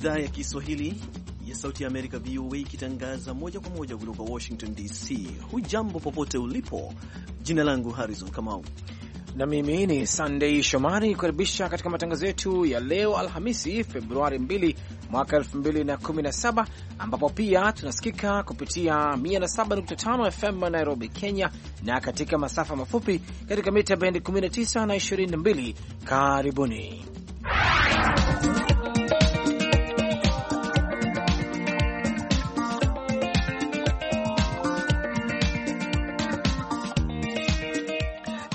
idhaa ya Kiswahili ya Sauti ya Amerika, VOA, ikitangaza moja kwa moja kutoka Washington DC. Hujambo popote ulipo, jina langu Harrison Kamau na mimi ni Sandei Shomari kukaribisha katika matangazo yetu ya leo Alhamisi, Februari 2 mwaka 2017, ambapo pia tunasikika kupitia 107.5 FM Nairobi, Kenya, na katika masafa mafupi katika mita bendi 19 na 22. Karibuni.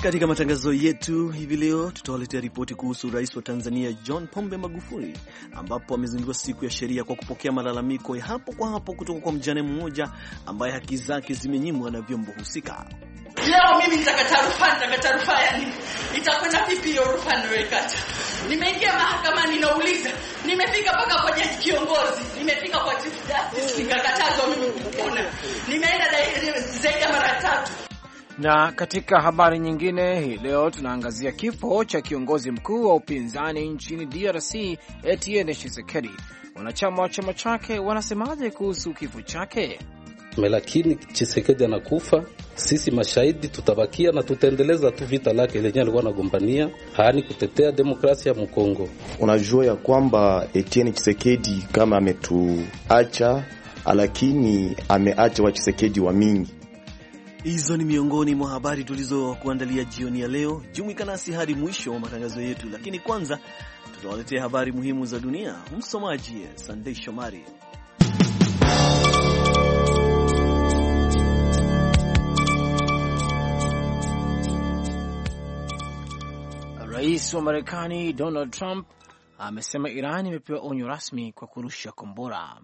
Katika matangazo yetu hivi leo tutawaletea ripoti kuhusu rais wa Tanzania John Pombe Magufuli, ambapo amezindua siku ya sheria kwa kupokea malalamiko ya hapo kwa hapo kutoka kwa mjane mmoja ambaye haki zake zimenyimwa na vyombo husika. Leo mimi nitakata rufaa, nitakata rufaa, yani itakwenda vipi hiyo rufaa niliyokata? Nimeingia mahakamani, nauliza, nimefika mpaka kwa jaji kiongozi, nimefika kwa chief justice, nikakatazwa mimi kupona, nimeenda zaidi ya mara tatu. Na katika habari nyingine hii leo tunaangazia kifo cha kiongozi mkuu wa upinzani nchini DRC Etienne Tshisekedi. Wanachama wa chama chake wanasemaje kuhusu kifo chake? Lakini Tshisekedi anakufa, sisi mashahidi tutabakia na tutaendeleza tu vita lake lenye alikuwa anagombania, haani kutetea demokrasia ya Mkongo. Unajua ya kwamba Etienne Tshisekedi kama ametuacha, lakini ameacha wa Tshisekedi wa mingi Hizo ni miongoni mwa habari tulizokuandalia jioni ya leo. Jumuika nasi hadi mwisho wa matangazo yetu, lakini kwanza tutawaletea habari muhimu za dunia. Msomaji Sandei Shomari. Rais wa Marekani Donald Trump amesema Iran imepewa onyo rasmi kwa kurusha kombora.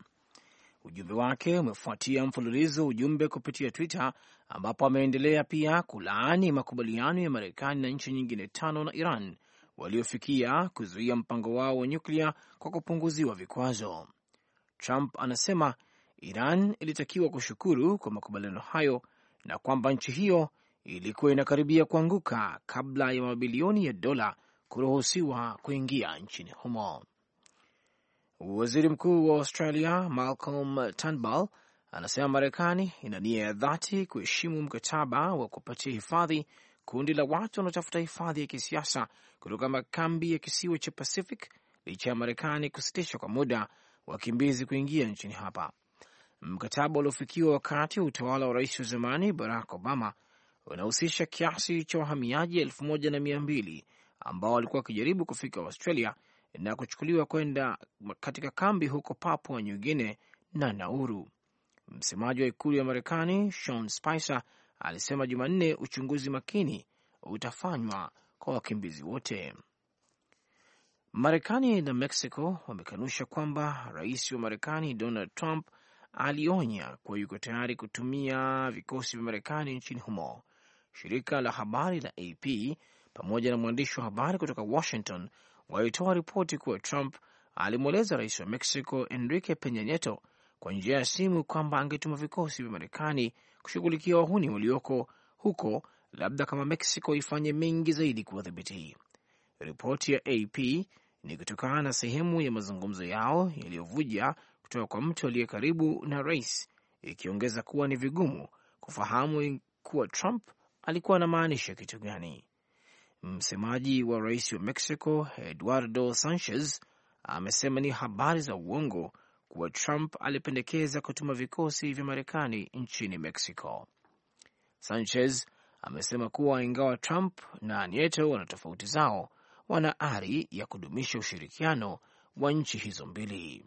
Ujumbe wake umefuatia mfululizo ujumbe kupitia Twitter ambapo ameendelea pia kulaani makubaliano ya Marekani na nchi nyingine tano na Iran waliofikia kuzuia mpango wao wa nyuklia kwa kupunguziwa vikwazo. Trump anasema Iran ilitakiwa kushukuru kwa makubaliano hayo na kwamba nchi hiyo ilikuwa inakaribia kuanguka kabla ya mabilioni ya dola kuruhusiwa kuingia nchini humo. Waziri Mkuu wa Australia Malcolm Turnbull anasema Marekani ina nia ya dhati kuheshimu mkataba wa kupatia hifadhi kundi la watu wanaotafuta hifadhi ya kisiasa kutoka makambi ya kisiwa cha Pacific licha ya Marekani kusitisha kwa muda wakimbizi kuingia nchini hapa. Mkataba uliofikiwa wakati wa utawala wa rais wa zamani Barack Obama unahusisha kiasi cha wahamiaji elfu moja na mia mbili ambao walikuwa wakijaribu kufika Australia na kuchukuliwa kwenda katika kambi huko Papua New Guinea na Nauru. Msemaji wa ikulu ya Marekani Sean Spicer alisema Jumanne uchunguzi makini utafanywa kwa wakimbizi wote. Marekani na Mexico wamekanusha kwamba rais wa Marekani Donald Trump alionya kuwa yuko tayari kutumia vikosi vya Marekani nchini humo. Shirika la habari la AP pamoja na mwandishi wa habari kutoka Washington walitoa ripoti kuwa Trump alimweleza rais wa Mexico Enrique Penya Nieto kwa njia ya simu kwamba angetuma vikosi vya Marekani kushughulikia wahuni walioko huko, labda kama Mexico ifanye mengi zaidi kuwadhibiti. Ripoti ya AP ni kutokana na sehemu ya mazungumzo yao yaliyovuja kutoka kwa mtu aliye karibu na rais, ikiongeza kuwa ni vigumu kufahamu kuwa Trump alikuwa anamaanisha kitu gani. Msemaji wa rais wa Mexico Eduardo Sanchez amesema ni habari za uongo kuwa Trump alipendekeza kutuma vikosi vya Marekani nchini Mexico. Sanchez amesema kuwa ingawa Trump na Nieto wana tofauti zao, wana ari ya kudumisha ushirikiano wa nchi hizo mbili.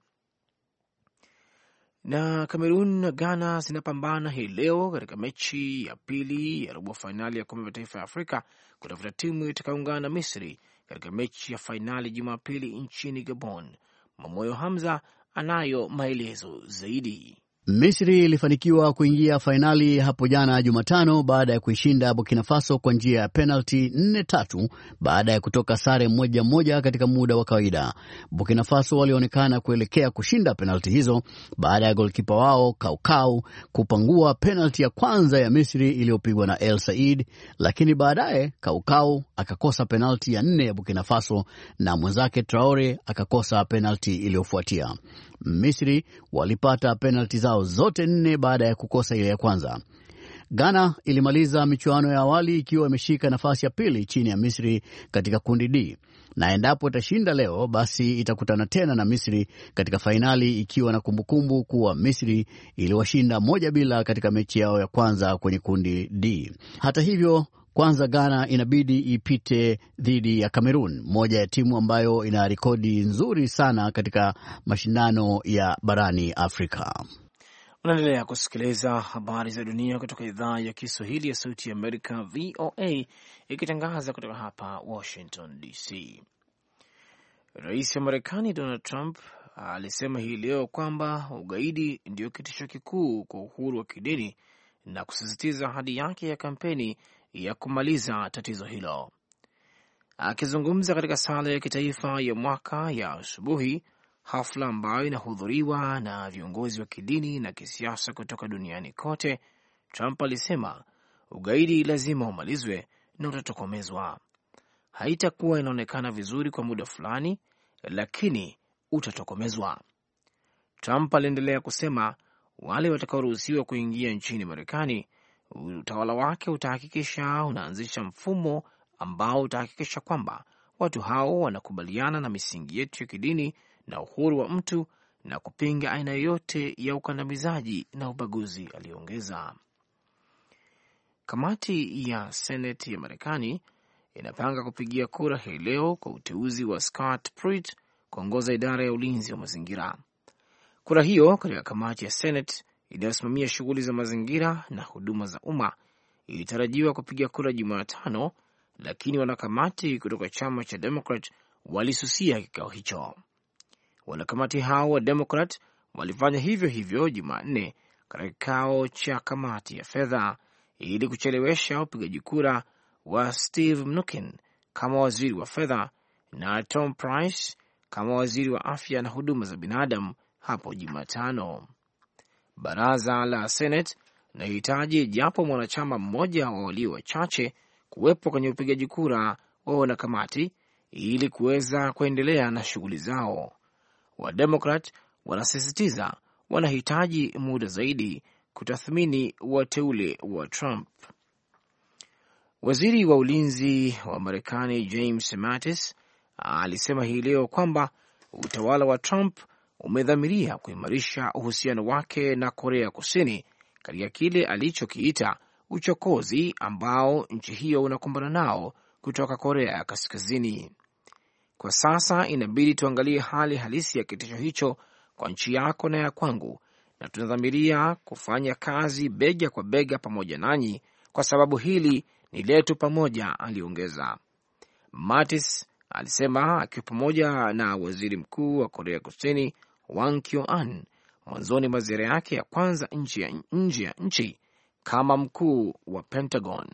Na Kamerun na Ghana zinapambana hii leo katika mechi ya pili ya robo fainali ya kombe la mataifa ya Afrika kutafuta timu itakayoungana na Misri katika mechi ya fainali Jumapili nchini Gabon. Mamoyo Hamza anayo maelezo zaidi. Misri ilifanikiwa kuingia fainali hapo jana Jumatano baada ya kuishinda Burkina Faso kwa njia ya penalti 4-3 baada ya kutoka sare moja moja katika muda wa kawaida. Burkina Faso walionekana kuelekea kushinda penalti hizo baada ya golkipa wao Kaukau kupangua penalti ya kwanza ya Misri iliyopigwa na El Said, lakini baadaye Kaukau akakosa penalti ya nne ya Burkina Faso na mwenzake Traore akakosa penalti iliyofuatia. Misri walipata penalti zao zote nne baada ya kukosa ile ya kwanza. Ghana ilimaliza michuano ya awali ikiwa imeshika nafasi ya pili chini ya Misri katika kundi D, na endapo itashinda leo, basi itakutana tena na Misri katika fainali ikiwa na kumbukumbu kuwa Misri iliwashinda moja bila katika mechi yao ya kwanza kwenye kundi D. Hata hivyo kwanza Ghana inabidi ipite dhidi ya Cameroon, moja ya timu ambayo ina rekodi nzuri sana katika mashindano ya barani Afrika. Unaendelea kusikiliza habari za dunia kutoka idhaa ya Kiswahili ya Sauti ya Amerika, VOA, ikitangaza kutoka hapa Washington DC. Rais wa Marekani Donald Trump alisema hii leo kwamba ugaidi ndio kitisho kikuu kwa uhuru wa kidini na kusisitiza ahadi yake ya kampeni ya kumaliza tatizo hilo. Akizungumza katika sala ya kitaifa ya mwaka ya asubuhi, hafla ambayo inahudhuriwa na viongozi wa kidini na kisiasa kutoka duniani kote, Trump alisema ugaidi lazima umalizwe na utatokomezwa. Haitakuwa inaonekana vizuri kwa muda fulani, lakini utatokomezwa. Trump aliendelea kusema wale watakaoruhusiwa kuingia nchini Marekani utawala wake utahakikisha unaanzisha mfumo ambao utahakikisha kwamba watu hao wanakubaliana na misingi yetu ya kidini na uhuru wa mtu na kupinga aina yoyote ya ukandamizaji na ubaguzi, aliyoongeza. Kamati ya Seneti ya Marekani inapanga kupigia kura hii leo kwa uteuzi wa Scott Pruitt kuongoza idara ya ulinzi wa mazingira. Kura hiyo katika kamati ya Seneti inayosimamia shughuli za mazingira na huduma za umma ilitarajiwa kupiga kura Jumatano, lakini wanakamati kutoka chama cha Demokrat walisusia kikao hicho. Wanakamati hao wa Demokrat walifanya hivyo hivyo Jumanne katika kikao cha kamati ya fedha ili kuchelewesha upigaji kura wa Steve Mnuchin kama waziri wa fedha na Tom Price kama waziri wa afya na huduma za binadamu hapo Jumatano baraza la Senate linahitaji japo mwanachama mmoja wa walio wachache kuwepo kwenye upigaji kura wa wanakamati ili kuweza kuendelea na shughuli zao. Wademokrat wanasisitiza wanahitaji muda zaidi kutathmini wateule wa Trump. Waziri wa ulinzi wa Marekani James Mattis alisema hii leo kwamba utawala wa Trump umedhamiria kuimarisha uhusiano wake na Korea Kusini katika kile alichokiita uchokozi ambao nchi hiyo unakumbana nao kutoka Korea ya Kaskazini. Kwa sasa inabidi tuangalie hali halisi ya kitisho hicho kwa nchi yako na ya kwangu, na tunadhamiria kufanya kazi bega kwa bega pamoja nanyi, kwa sababu hili ni letu pamoja, aliongeza Mattis alisema akiwa pamoja na waziri mkuu wa Korea Kusini Wang Kyoan mwanzoni mwa ziara yake ya kwanza nje ya nchi kama mkuu wa Pentagon.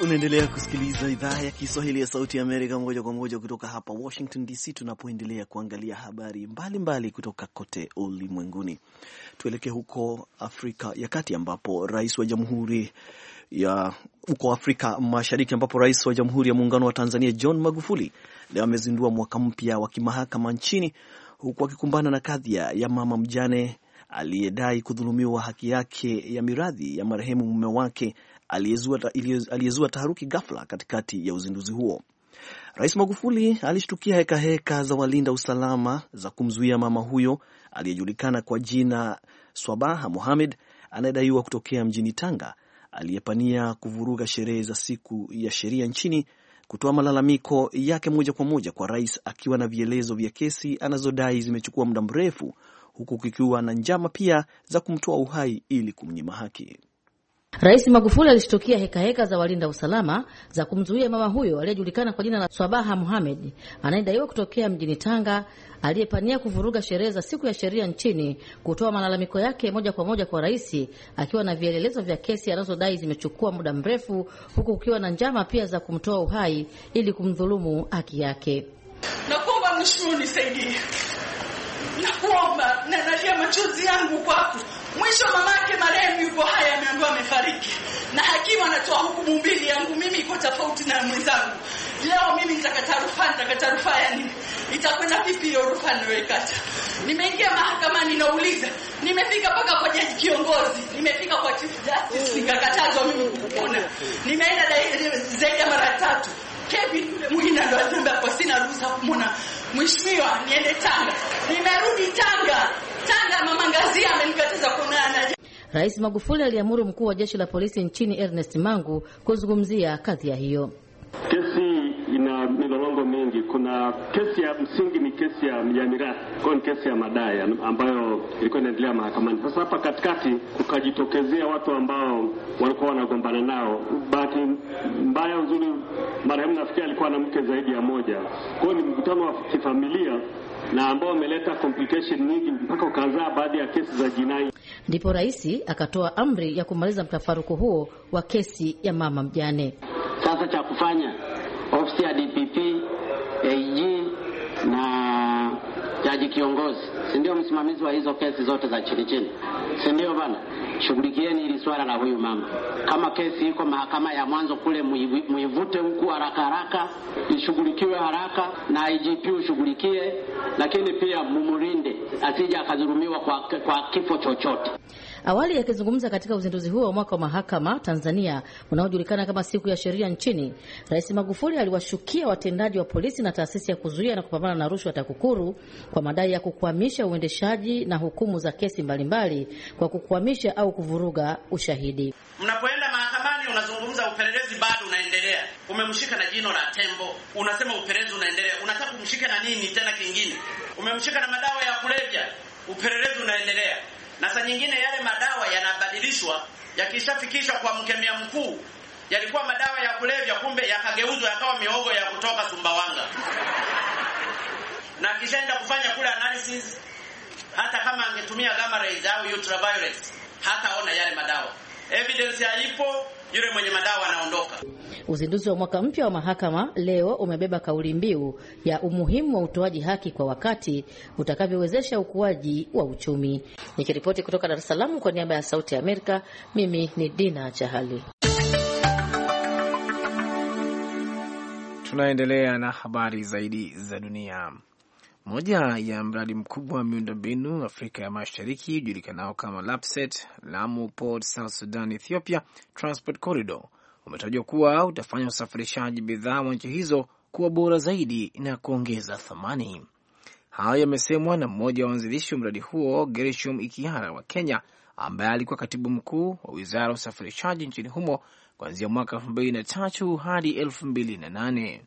Unaendelea kusikiliza idhaa ya Kiswahili ya Sauti ya Amerika moja kwa moja kutoka hapa Washington DC, tunapoendelea kuangalia habari mbalimbali mbali kutoka kote ulimwenguni. Tuelekee huko Afrika ya Kati ambapo rais wa jamhuri ya huko Afrika Mashariki ambapo rais wa Jamhuri ya Muungano wa Tanzania John Magufuli leo amezindua mwaka mpya wa kimahakama nchini huku akikumbana na kadhia ya mama mjane aliyedai kudhulumiwa haki yake ya miradhi ya marehemu mume wake aliyezua taharuki ghafla katikati ya uzinduzi huo. Rais Magufuli alishtukia hekaheka heka za walinda usalama za kumzuia mama huyo aliyejulikana kwa jina Swabaha Mohamed anayedaiwa kutokea mjini Tanga aliyepania kuvuruga sherehe za siku ya sheria nchini kutoa malalamiko yake moja kwa moja kwa rais akiwa na vielezo vya kesi anazodai zimechukua muda mrefu huku kikiwa na njama pia za kumtoa uhai ili kumnyima haki. Rais Magufuli alishtukia hekaheka za walinda usalama za kumzuia mama huyo aliyejulikana kwa jina la Swabaha Muhamed anayedaiwa kutokea mjini Tanga, aliyepania kuvuruga sherehe za siku ya sheria nchini, kutoa malalamiko yake moja kwa moja kwa rais, akiwa na vielelezo vya kesi anazodai zimechukua muda mrefu, huku kukiwa na njama pia za kumtoa uhai ili kumdhulumu haki yake. Nakuomba mnishukuru, nisaidie, nakuomba nanalia machozi yangu kwako Mwisho mama yake marehemu yuko haya ameambiwa amefariki, na hakimu anatoa hukumu mbili, yangu mimi iko tofauti na mwenzangu. Leo mimi nitakata rufaa, nitakata rufaa yani Itakwenda vipi hiyo rufaa niliyokata? Nimeingia mahakamani, nauliza, nimefika mpaka kwa jaji kiongozi, nimefika kwa chief justice, mm. nikakatazwa mimi kupona. Nimeenda zaidi ya mara tatu. Kevin yule mwingine ndo ananiambia kwa sina ruhusa kumuona mheshimiwa, niende Tanga. Nimerudi Tanga Tanga mama Ngazia amenikataza kunana. Rais Magufuli aliamuru mkuu wa jeshi la polisi nchini Ernest Mangu kuzungumzia kadhia hiyo. Kesi kesi ya msingi ni kesi ya, ya mirathi kwa ni kesi ya madai ambayo ilikuwa inaendelea mahakamani. Sasa hapa katikati kukajitokezea watu ambao walikuwa wanagombana nao. Bahati mbaya nzuri, marehemu nafikiri alikuwa na mke zaidi ya moja, kwa ni mkutano wa kifamilia na ambao umeleta complication nyingi mpaka ukazaa baadhi ya kesi za jinai. Ndipo rais akatoa amri ya kumaliza mtafaruku huo wa kesi ya mama mjane. Sasa cha kufanya ofisi ya DPP AG na jaji kiongozi, si ndio? Msimamizi wa hizo kesi zote za chini chini, si ndio bana? Shughulikieni hili swala la huyu mama. Kama kesi iko mahakama ya mwanzo kule, muivute huku haraka haraka, ishughulikiwe haraka na IGP ushughulikie, lakini pia mumurinde asije akadhulumiwa kwa, kwa kifo chochote. Awali yakizungumza katika uzinduzi huo wa mwaka wa mahakama Tanzania unaojulikana kama siku ya sheria nchini, Rais Magufuli aliwashukia watendaji wa polisi na taasisi ya kuzuia na kupambana na rushwa TAKUKURU kwa madai ya kukwamisha uendeshaji na hukumu za kesi mbalimbali mbali, kwa kukwamisha au kuvuruga ushahidi. Mnapoenda mahakamani, unazungumza upelelezi bado unaendelea, umemshika na jino la tembo, unasema upelelezi unaendelea. Unataka kumshika na nini tena kingine? Umemshika na madawa ya kulevya, upelelezi unaendelea na saa nyingine yale madawa yanabadilishwa, yakishafikishwa kwa mkemia mkuu, yalikuwa madawa ya kulevya, kumbe yakageuzwa yakawa miogo ya kutoka Sumbawanga na akishaenda kufanya kule analysis, hata kama angetumia gamma rays au ultraviolet hataona yale madawa, evidence haipo yule mwenye madawa anaondoka. Uzinduzi wa mwaka mpya wa mahakama leo umebeba kauli mbiu ya umuhimu wa utoaji haki kwa wakati utakavyowezesha ukuaji wa uchumi. Nikiripoti kutoka Dar es Salaam kwa niaba ya Sauti ya Amerika, mimi ni Dina Chahali. Tunaendelea na habari zaidi za dunia. Moja ya mradi mkubwa wa miundombinu Afrika ya Mashariki ujulikanao kama LAPSET, Lamu Port South Sudan Ethiopia Transport Corridor, umetajwa kuwa utafanya usafirishaji bidhaa wa nchi hizo kuwa bora zaidi na kuongeza thamani. Hayo yamesemwa na mmoja wa wanzilishi wa mradi huo Gerishum Ikiara wa Kenya, ambaye alikuwa katibu mkuu wa wizara ya usafirishaji nchini humo kuanzia mwaka elfu mbili na tatu hadi elfu mbili na nane.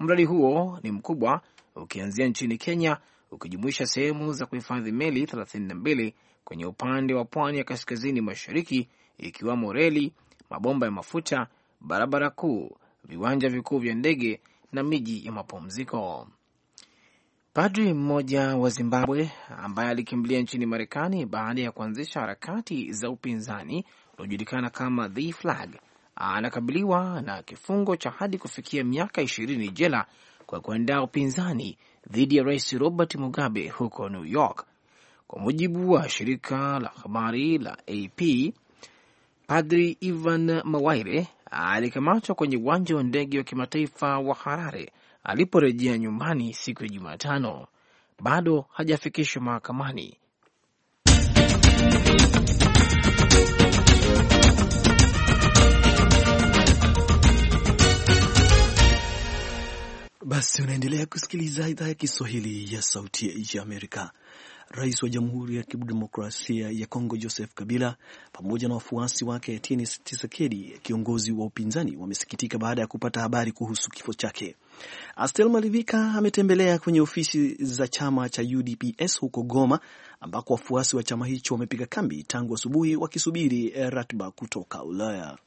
Mradi huo ni mkubwa ukianzia nchini Kenya ukijumuisha sehemu za kuhifadhi meli 32 kwenye upande wa pwani ya kaskazini mashariki, ikiwamo reli, mabomba ya mafuta, barabara kuu, viwanja vikuu vya ndege na miji ya mapumziko. Padri mmoja wa Zimbabwe ambaye alikimbilia nchini Marekani baada ya kuanzisha harakati za upinzani unaojulikana kama The Flag anakabiliwa na kifungo cha hadi kufikia miaka ishirini jela kwa kuandaa upinzani dhidi ya rais Robert Mugabe huko New York. Kwa mujibu wa shirika la habari la AP, Padri Ivan Mawaire alikamatwa kwenye uwanja wa ndege wa kimataifa wa Harare aliporejea nyumbani siku ya Jumatano. Bado hajafikishwa mahakamani Basi unaendelea kusikiliza idhaa ya Kiswahili ya Sauti ya Amerika. Rais wa Jamhuri ya Kidemokrasia ya Kongo Joseph Kabila pamoja na wafuasi wake tenis tisekedi kiongozi wa upinzani, wamesikitika baada ya kupata habari kuhusu kifo chake. Astel Malivika ametembelea kwenye ofisi za chama cha UDPS huko Goma, ambako wafuasi wa chama hicho wamepiga kambi tangu asubuhi wa wakisubiri eh, ratiba kutoka Ulaya.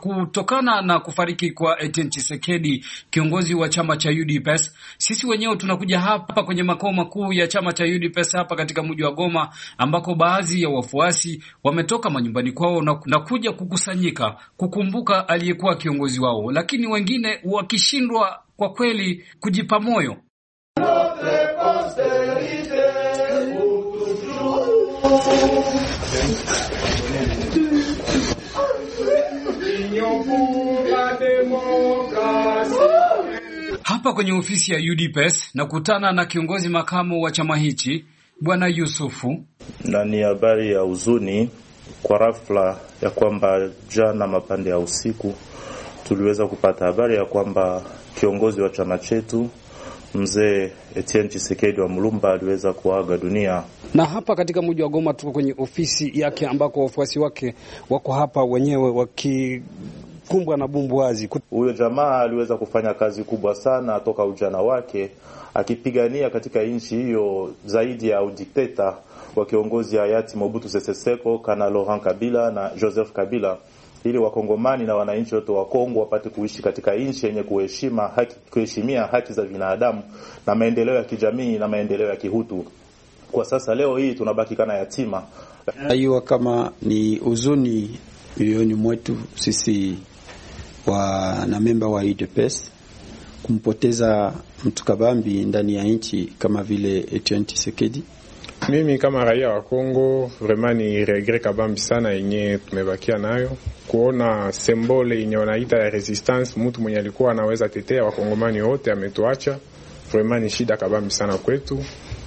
Kutokana na kufariki kwa Etienne Tshisekedi, kiongozi wa chama cha UDPS, sisi wenyewe tunakuja hapa kwenye makao makuu ya chama cha UDPS hapa katika mji wa Goma, ambako baadhi ya wafuasi wametoka manyumbani kwao na, na kuja kukusanyika kukumbuka aliyekuwa kiongozi wao, lakini wengine wakishindwa kwa kweli kujipa moyo. Hapa kwenye ofisi ya UDPS nakutana na kiongozi makamu wa chama hichi Bwana Yusufu, na ni habari ya huzuni kwa rafla ya kwamba jana mapande ya usiku tuliweza kupata habari ya kwamba kiongozi wa chama chetu mzee Etienne Tshisekedi wa Mulumba aliweza kuaga dunia. Na hapa katika mji wa Goma tuko kwenye ofisi yake ambako wafuasi wake wako hapa wenyewe waki kukumbwa na bumbwazi. Huyo jamaa aliweza kufanya kazi kubwa sana toka ujana wake akipigania katika nchi hiyo zaidi ya udikteta wa kiongozi hayati Mobutu Sese Seko, kana Laurent Kabila na Joseph Kabila ili wakongomani na wananchi wote wa Kongo wapate kuishi katika nchi yenye kuheshima haki, kuheshimia haki za binadamu na maendeleo ya kijamii na maendeleo ya kihutu. Kwa sasa leo hii tunabaki kana yatima. Aiwa, kama ni huzuni mioyoni mwetu sisi na memba wa UDPS kumpoteza mtu kabambi ndani ya nchi kama vile Etienne Tshisekedi. Mimi kama raia wa Kongo vraiment ni regret kabambi sana yenye tumebakia nayo, kuona sembole yenye wanaita ya resistance, mtu mwenye alikuwa anaweza tetea wakongomani wote ametuacha. Vraiment ni shida kabambi sana kwetu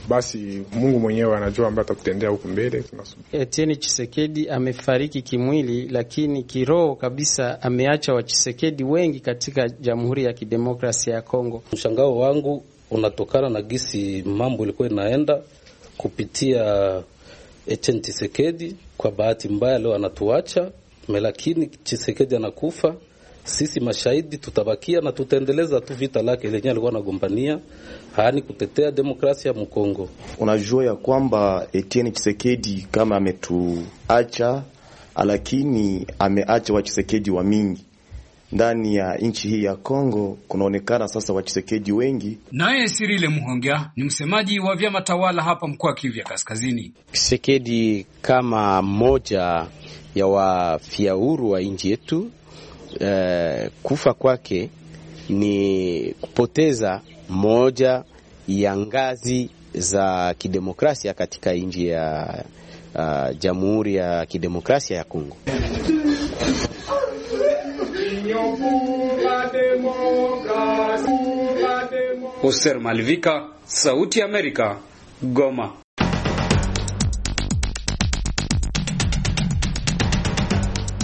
basi Mungu mwenyewe anajua ambaye atakutendea huku mbele. Etienne Chisekedi amefariki kimwili, lakini kiroho kabisa ameacha Wachisekedi wengi katika Jamhuri ya Kidemokrasia ya Kongo. Mshangao wangu unatokana na gisi mambo ilikuwa inaenda kupitia Etienne Chisekedi. Kwa bahati mbaya leo anatuacha, lakini Chisekedi anakufa sisi mashahidi tutabakia na tutaendeleza tu vita lake lenye alikuwa anagombania, haani kutetea demokrasia ya Mkongo. Unajua ya kwamba Etienne Chisekedi kama ametuacha, lakini ameacha wachisekedi wa mingi ndani ya nchi hii ya Kongo kunaonekana sasa wachisekedi wengi. Naye Sirile Muhongia ni msemaji wa vyama tawala hapa mkoa wa Kivu ya Kaskazini. Chisekedi kama mmoja ya wafiauru wa nchi yetu uh, kufa kwake ni kupoteza moja ya ngazi za kidemokrasia katika nchi ya uh, Jamhuri ya Kidemokrasia ya Kongo. Hoser Malvika, Sauti ya Amerika, Goma.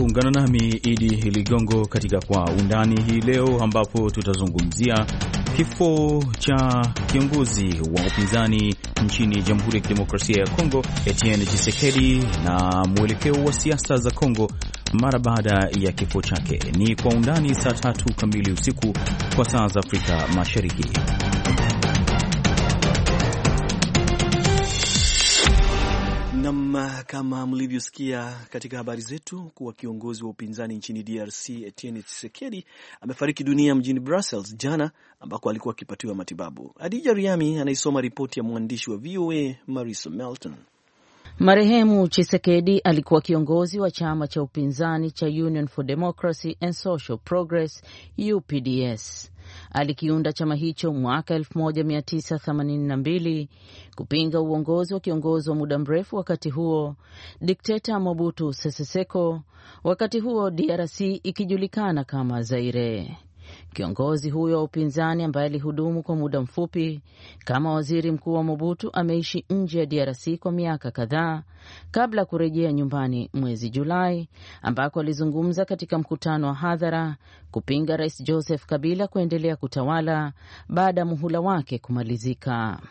Ungana nami Idi Ligongo katika Kwa Undani hii leo, ambapo tutazungumzia kifo cha kiongozi wa upinzani nchini Jamhuri ya Kidemokrasia ya Kongo, Etienne Tshisekedi, na mwelekeo wa siasa za Kongo mara baada ya kifo chake. Ni Kwa Undani saa tatu kamili usiku kwa saa za Afrika Mashariki. kama mlivyosikia katika habari zetu kuwa kiongozi wa upinzani nchini DRC Etienne Tshisekedi amefariki dunia mjini Brussels jana, ambako alikuwa akipatiwa matibabu. Adija Riami anaisoma ripoti ya mwandishi wa VOA Marisa Melton. Marehemu Chisekedi alikuwa kiongozi wa chama cha upinzani cha Union for Democracy and Social Progress UPDS. Alikiunda chama hicho mwaka 1982 kupinga uongozi wa kiongozi wa muda mrefu wakati huo dikteta Mobutu Sese Seko, wakati huo DRC ikijulikana kama Zaire. Kiongozi huyo wa upinzani ambaye alihudumu kwa muda mfupi kama waziri mkuu wa Mobutu ameishi nje ya DRC kwa miaka kadhaa kabla ya kurejea nyumbani mwezi Julai, ambako alizungumza katika mkutano wa hadhara kupinga Rais Joseph Kabila kuendelea kutawala baada ya muhula wake kumalizika.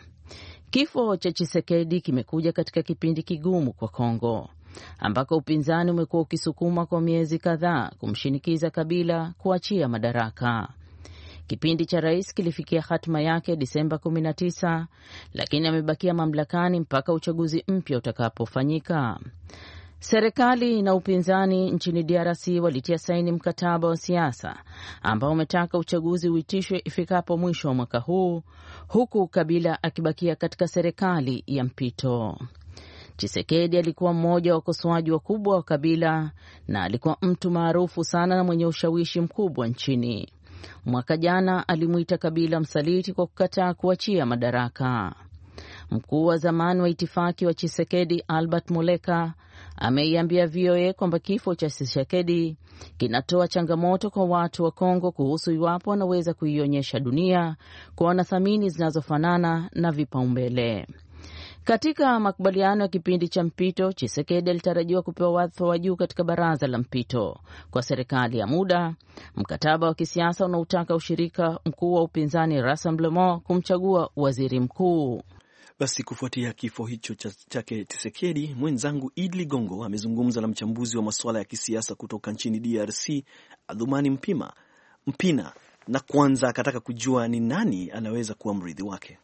Kifo cha Chisekedi kimekuja katika kipindi kigumu kwa Kongo ambako upinzani umekuwa ukisukuma kwa miezi kadhaa kumshinikiza Kabila kuachia madaraka. Kipindi cha rais kilifikia hatima yake Disemba 19 lakini amebakia mamlakani mpaka uchaguzi mpya utakapofanyika. Serikali na upinzani nchini DRC walitia saini mkataba wa siasa ambao umetaka uchaguzi uitishwe ifikapo mwisho wa mwaka huu, huku Kabila akibakia katika serikali ya mpito. Chisekedi alikuwa mmoja wa wakosoaji wakubwa wa Kabila na alikuwa mtu maarufu sana na mwenye ushawishi mkubwa nchini. Mwaka jana alimwita Kabila msaliti kwa kukataa kuachia madaraka. Mkuu wa zamani wa itifaki wa Chisekedi Albert Muleka ameiambia VOA kwamba kifo cha Chisekedi kinatoa changamoto kwa watu wa Kongo kuhusu iwapo wanaweza kuionyesha dunia kwa wanathamini zinazofanana na vipaumbele. Katika makubaliano ya kipindi cha mpito, Chisekedi alitarajiwa kupewa wadhifa wa juu katika baraza la mpito kwa serikali ya muda. Mkataba wa kisiasa unaotaka ushirika mkuu wa upinzani Rassemblement kumchagua waziri mkuu. Basi kufuatia kifo hicho chake cha mwenzangu Id Ligongo amezungumza na mchambuzi wa masuala ya kisiasa kutoka nchini DRC Adhumani Mpima Mpina, na kwanza akataka kujua ni nani anaweza kuwa mrithi wake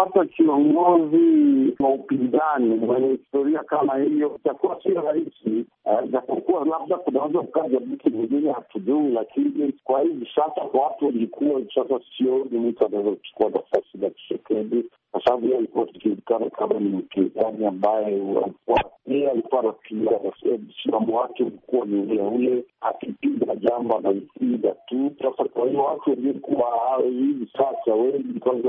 kupata kiongozi wa upinzani wenye historia kama hiyo itakuwa sio rahisi, eh, japokuwa labda kunaweza kukaja vitu mwingine hatujui, lakini kwa hivi sasa kwa watu walikuwa sasa, sioni mtu anaweza kuchukua nafasi ya Tshisekedi kwa sababu yeye alikuwa akijulikana kama ni mpinzani ambaye yeye alikuwa anapiga, msimamo wake ulikuwa ni ule ule, akipiga jambo anaipiga tu. Sasa kwa hiyo watu waliokuwa hivi sasa wengi kwanza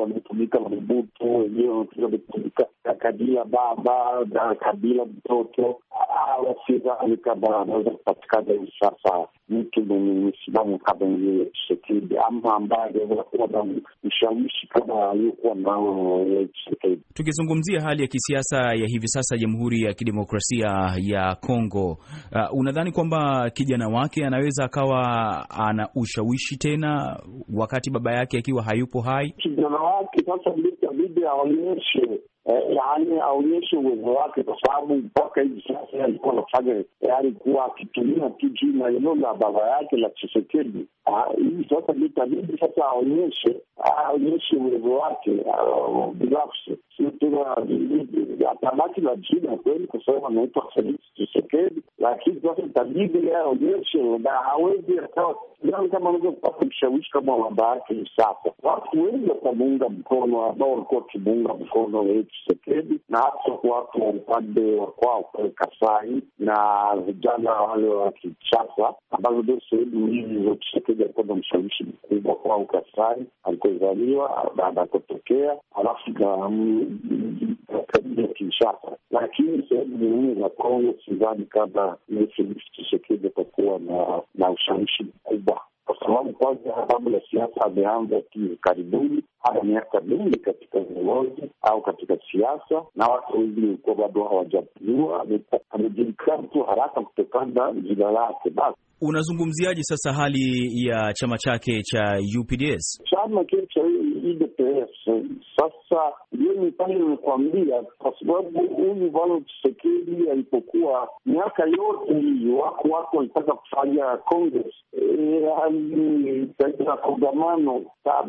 wametumika Mabutu wenyewe wametumika na Kabila baba na Kabila mtoto, wasidhani kama anaweza kupatikana hivi sasa mtu mwenye misimamo kama ile Tshisekedi ama ambaye anaweza kuwa na ushawishi kama aliyokuwa ambao Tukizungumzia hali ya kisiasa ya hivi sasa Jamhuri ya Kidemokrasia ya Kongo, uh, unadhani kwamba kijana wake anaweza akawa ana ushawishi tena wakati baba yake akiwa hayupo hai? Kijana wake sasa itabidi aonyeshe eh, yaani aonyeshe uwezo wake, kwa sababu mpaka hivi sasa alikuwa anafanya yaani kuwa akitumia tu jina hilo la baba yake la Tshisekedi. Ah, Hii sasa itabidi sasa aonyeshe aonyeshe uwezo wake uh, binafsi, si la atabaki na jina kweli, kwa sababu anaitwa Felix Tshisekedi, lakini sasa itabidi aonyeshe na hawezi akawa kama anaweza kupata mshawishi kama baba yake. Hivi sasa watu wengi watamuunga mkono, ambao walikuwa wakimuunga mkono yeye Tshisekedi, na hasa watu wa upande wa kwao kule Kasai na vijana wale wa Kinshasa, ambazo ndio sehemu hizi za Tshisekedi alikuwa na mshawishi mkubwa kwao Kasai, alikuwa anakuzaliwa anakotokea, halafu kabila Kinshasa. Lakini sehemu nyingine za Kongo sidhani kama hicho kitu kwa kuwa na ushawishi mkubwa sababu kwanza, sababu ya siasa ameanza hivi karibuni, hata miaka mingi katika uongozi au katika siasa, na watu wengi walikuwa bado hawajajua. Amejulikana tu haraka kutokana na jina lake. Basi unazungumziaje sasa hali ya chama chake cha UPDS, chama kile cha IDPS. Sasa ni pale nimekwambia, kwa sababu huyu bwana Tshisekedi alipokuwa miaka yote hiyo wako wako walitaka kufanya Congress eh, alitaita kongamano,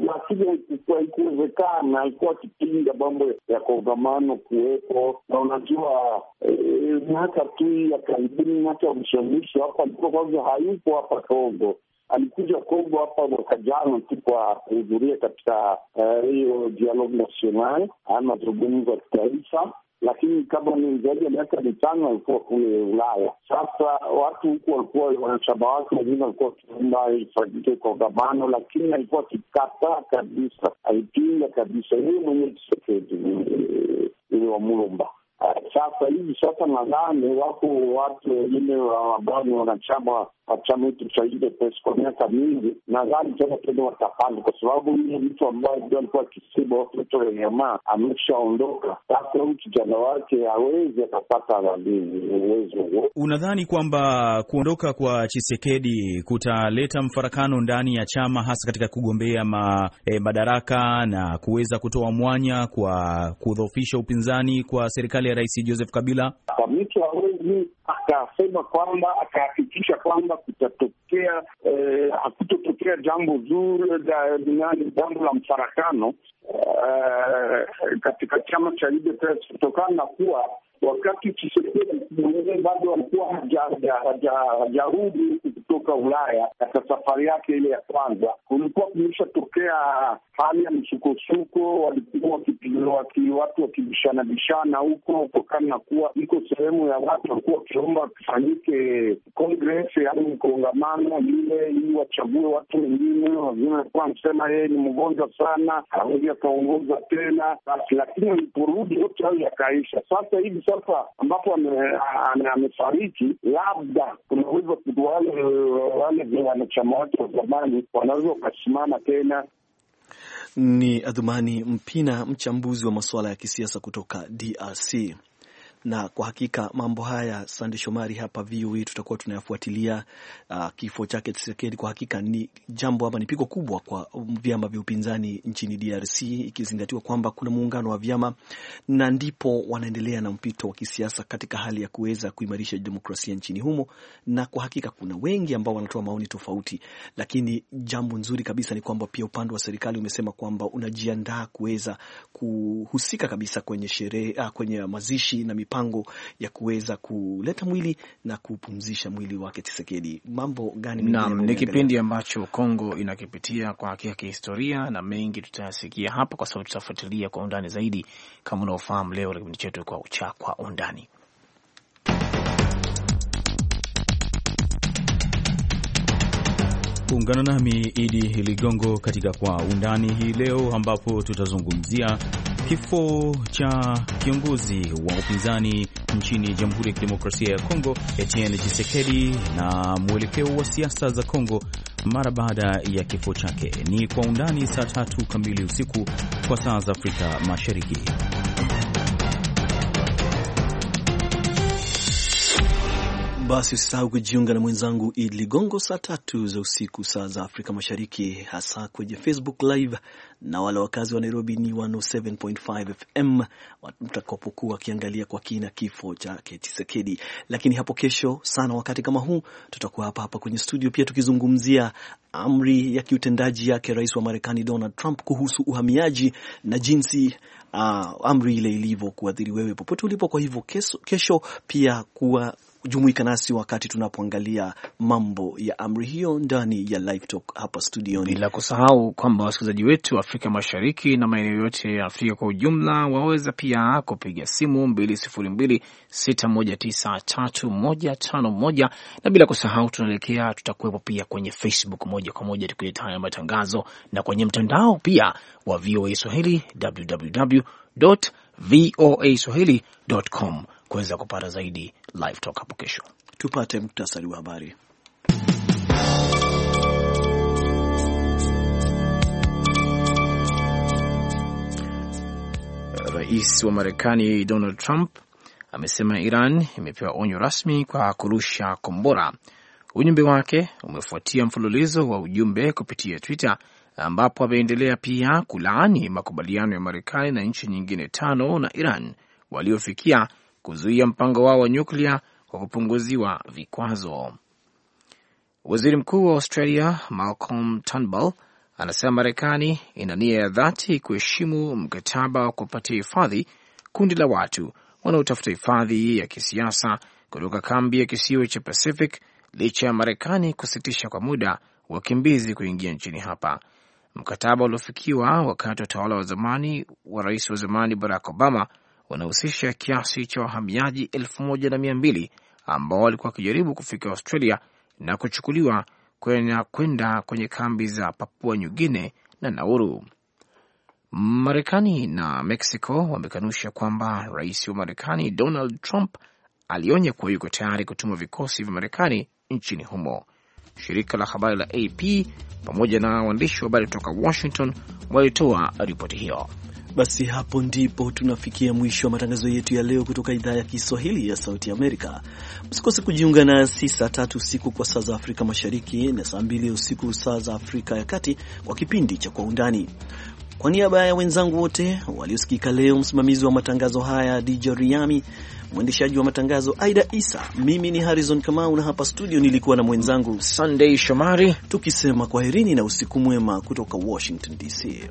lakini haikuwezekana, alikuwa akipinga mambo ya kongamano kuwepo. Na unajua eh, miaka tu ya karibuni, miaka ya mwisho hapa alikuwa kwanza hayupo hapa Kongo alikuja Kongo hapa mwaka jana tu kwa kuhudhuria katika eh, hiyo uh, dialogue national ama mazungumzo ya kitaifa, lakini kama ni zaidi ya miaka mitano walikuwa kule Ulaya. Sasa watu huku walikuwa wanachama wake wengine walikuwa wakiomba ifanyike kongamano, lakini alikuwa akikataa kabisa, alipinga kabisa yeye mwenyewe Tshisekedi eh, yule wa Mulumba Ah, sasa hivi sasa nadhani wako watu wengine ambao ni wanachama wa chama hicho cha UDPS kwa miaka mingi, nadhani tena tena watapanda, kwa sababu yule mtu ambaye ndio alikuwa akisiba Petro Lenyamaa ameshaondoka. Sasa huyu kijana wake awezi akapata nanii uwezo huo. Unadhani kwamba kuondoka kwa Chisekedi kutaleta mfarakano ndani ya chama, hasa katika kugombea ma, e, madaraka na kuweza kutoa mwanya kwa kudhoofisha upinzani kwa serikali serikali ya Rais Joseph Kabila? Mtu hawezi akasema kwamba akahakikisha kwamba kutatokea eh, hakutotokea jambo zuri nani, jambo la mfarakano eh, katika chama cha UDPS kutokana na kuwa wakati Chisekedi mwenyewe bado alikuwa hajarudi kutoka Ulaya katika safari yake ile ya kwanza, kulikuwa kumeshatokea hali ya msukosuko, walikuwa watu wakibishana bishana huko kutokana na kuwa iko sehemu ya watu walikuwa wakiomba wakifanyike kongres, yaani kongamano lile, ili wachague watu wengine. Wengine walikuwa wanasema yeye ni mgonjwa sana, hawezi akaongoza tena basi, lakini aliporudi yote hayo yakaisha. Sasa hivi sasa ambapo amefariki, labda kunaweza wale wale wanachama wake wa zamani wanaweza wakasimama tena. Ni Adhumani Mpina, mchambuzi wa masuala ya kisiasa kutoka DRC na kwa hakika mambo haya, Sande Shomari, hapa VOA e tutakuwa tunayafuatilia. Uh, kifo chake Tshisekedi kwa hakika ni jambo ama ni pigo kubwa kwa vyama vya upinzani nchini DRC, ikizingatiwa kwamba kuna muungano wa vyama na ndipo wanaendelea na mpito wa kisiasa katika hali ya kuweza kuimarisha demokrasia nchini humo, na kwa hakika kuna wengi ambao wanatoa maoni tofauti, lakini jambo nzuri kabisa ni kwamba pia upande wa serikali umesema kwamba unajiandaa kuweza kuhusika kabisa kwenye sherehe, uh, kwenye mazishi na mipa mipango ya kuweza kuleta mwili na kupumzisha mwili wake Tshisekedi. Mambo gani? Naam, ni kipindi ambacho Kongo inakipitia kwa hakika kihistoria, na mengi tutayasikia hapa, kwa sababu tutafuatilia kwa undani zaidi, kama unaofahamu leo na kipindi chetu kwa ucha kwa undani Ungana nami Idi Ligongo katika Kwa Undani hii leo ambapo tutazungumzia Kifo cha kiongozi wa upinzani nchini Jamhuri ya Kidemokrasia ya Kongo Etienne Tshisekedi na mwelekeo wa siasa za Kongo mara baada ya kifo chake ni kwa undani saa tatu kamili usiku kwa saa za Afrika Mashariki. Basi usisahau kujiunga na mwenzangu Id Ligongo saa tatu za usiku saa za Afrika Mashariki, hasa kwenye Facebook Live na wale wakazi wa Nairobi ni 107.5 FM mtakapokuwa wakiangalia kwa kina kifo chake Tshisekedi. Lakini hapo kesho sana wakati kama huu tutakuwa hapa hapa kwenye studio pia tukizungumzia amri ya kiutendaji yake Rais wa Marekani Donald Trump kuhusu uhamiaji na jinsi uh, amri ile ilivyo kuathiri wewe popote ulipo. Kwa hivyo kesho, kesho pia kuwa jumuika nasi wakati tunapoangalia mambo ya amri hiyo ndani ya live talk hapa studioni, bila kusahau kwamba wasikilizaji wetu wa Afrika Mashariki na maeneo yote ya Afrika kwa ujumla waweza pia kupiga simu 2026193151 na bila kusahau tunaelekea, tutakuwepo pia kwenye Facebook moja kwa moja tukileta haya matangazo na kwenye mtandao pia wa VOA Swahili www voa swahili.com kuweza kupata zaidi live talk hapo kesho. Tupate muktasari wa habari. Rais wa Marekani Donald Trump amesema Iran imepewa onyo rasmi kwa kurusha kombora. Ujumbe wake umefuatia mfululizo wa ujumbe kupitia Twitter ambapo ameendelea pia kulaani makubaliano ya Marekani na nchi nyingine tano na Iran waliofikia kuzuia mpango wao wa nyuklia kwa kupunguziwa vikwazo. Waziri mkuu wa Australia Malcolm Turnbull anasema Marekani ina nia ya dhati kuheshimu mkataba wa kupatia hifadhi kundi la watu wanaotafuta hifadhi ya kisiasa kutoka kambi ya kisiwa cha Pacific licha ya Marekani kusitisha kwa muda wakimbizi kuingia nchini hapa Mkataba uliofikiwa wakati wa utawala wa zamani wa rais wa zamani Barack Obama unahusisha kiasi cha wahamiaji elfu moja na mia mbili ambao walikuwa wakijaribu kufika Australia na kuchukuliwa kwenda kwenye kambi za Papua New Guinea na Nauru. Marekani na Mexico wamekanusha kwamba rais wa Marekani Donald Trump alionya kuwa yuko tayari kutuma vikosi vya Marekani nchini humo shirika la habari la AP pamoja na waandishi wa habari kutoka Washington walitoa ripoti hiyo. Basi hapo ndipo tunafikia mwisho wa matangazo yetu ya leo kutoka idhaa ya Kiswahili ya Sauti Amerika. Msikose kujiunga nasi saa tatu usiku kwa saa za Afrika Mashariki na saa mbili usiku saa za Afrika ya Kati kwa kipindi cha Kwa Undani. Kwa niaba ya wenzangu wote waliosikika leo, msimamizi wa matangazo haya DJ Riami, mwendeshaji wa matangazo Aida Isa, mimi ni Harrison Kamau na hapa studio nilikuwa na mwenzangu Sunday Shomari, tukisema kwaherini na usiku mwema kutoka Washington DC.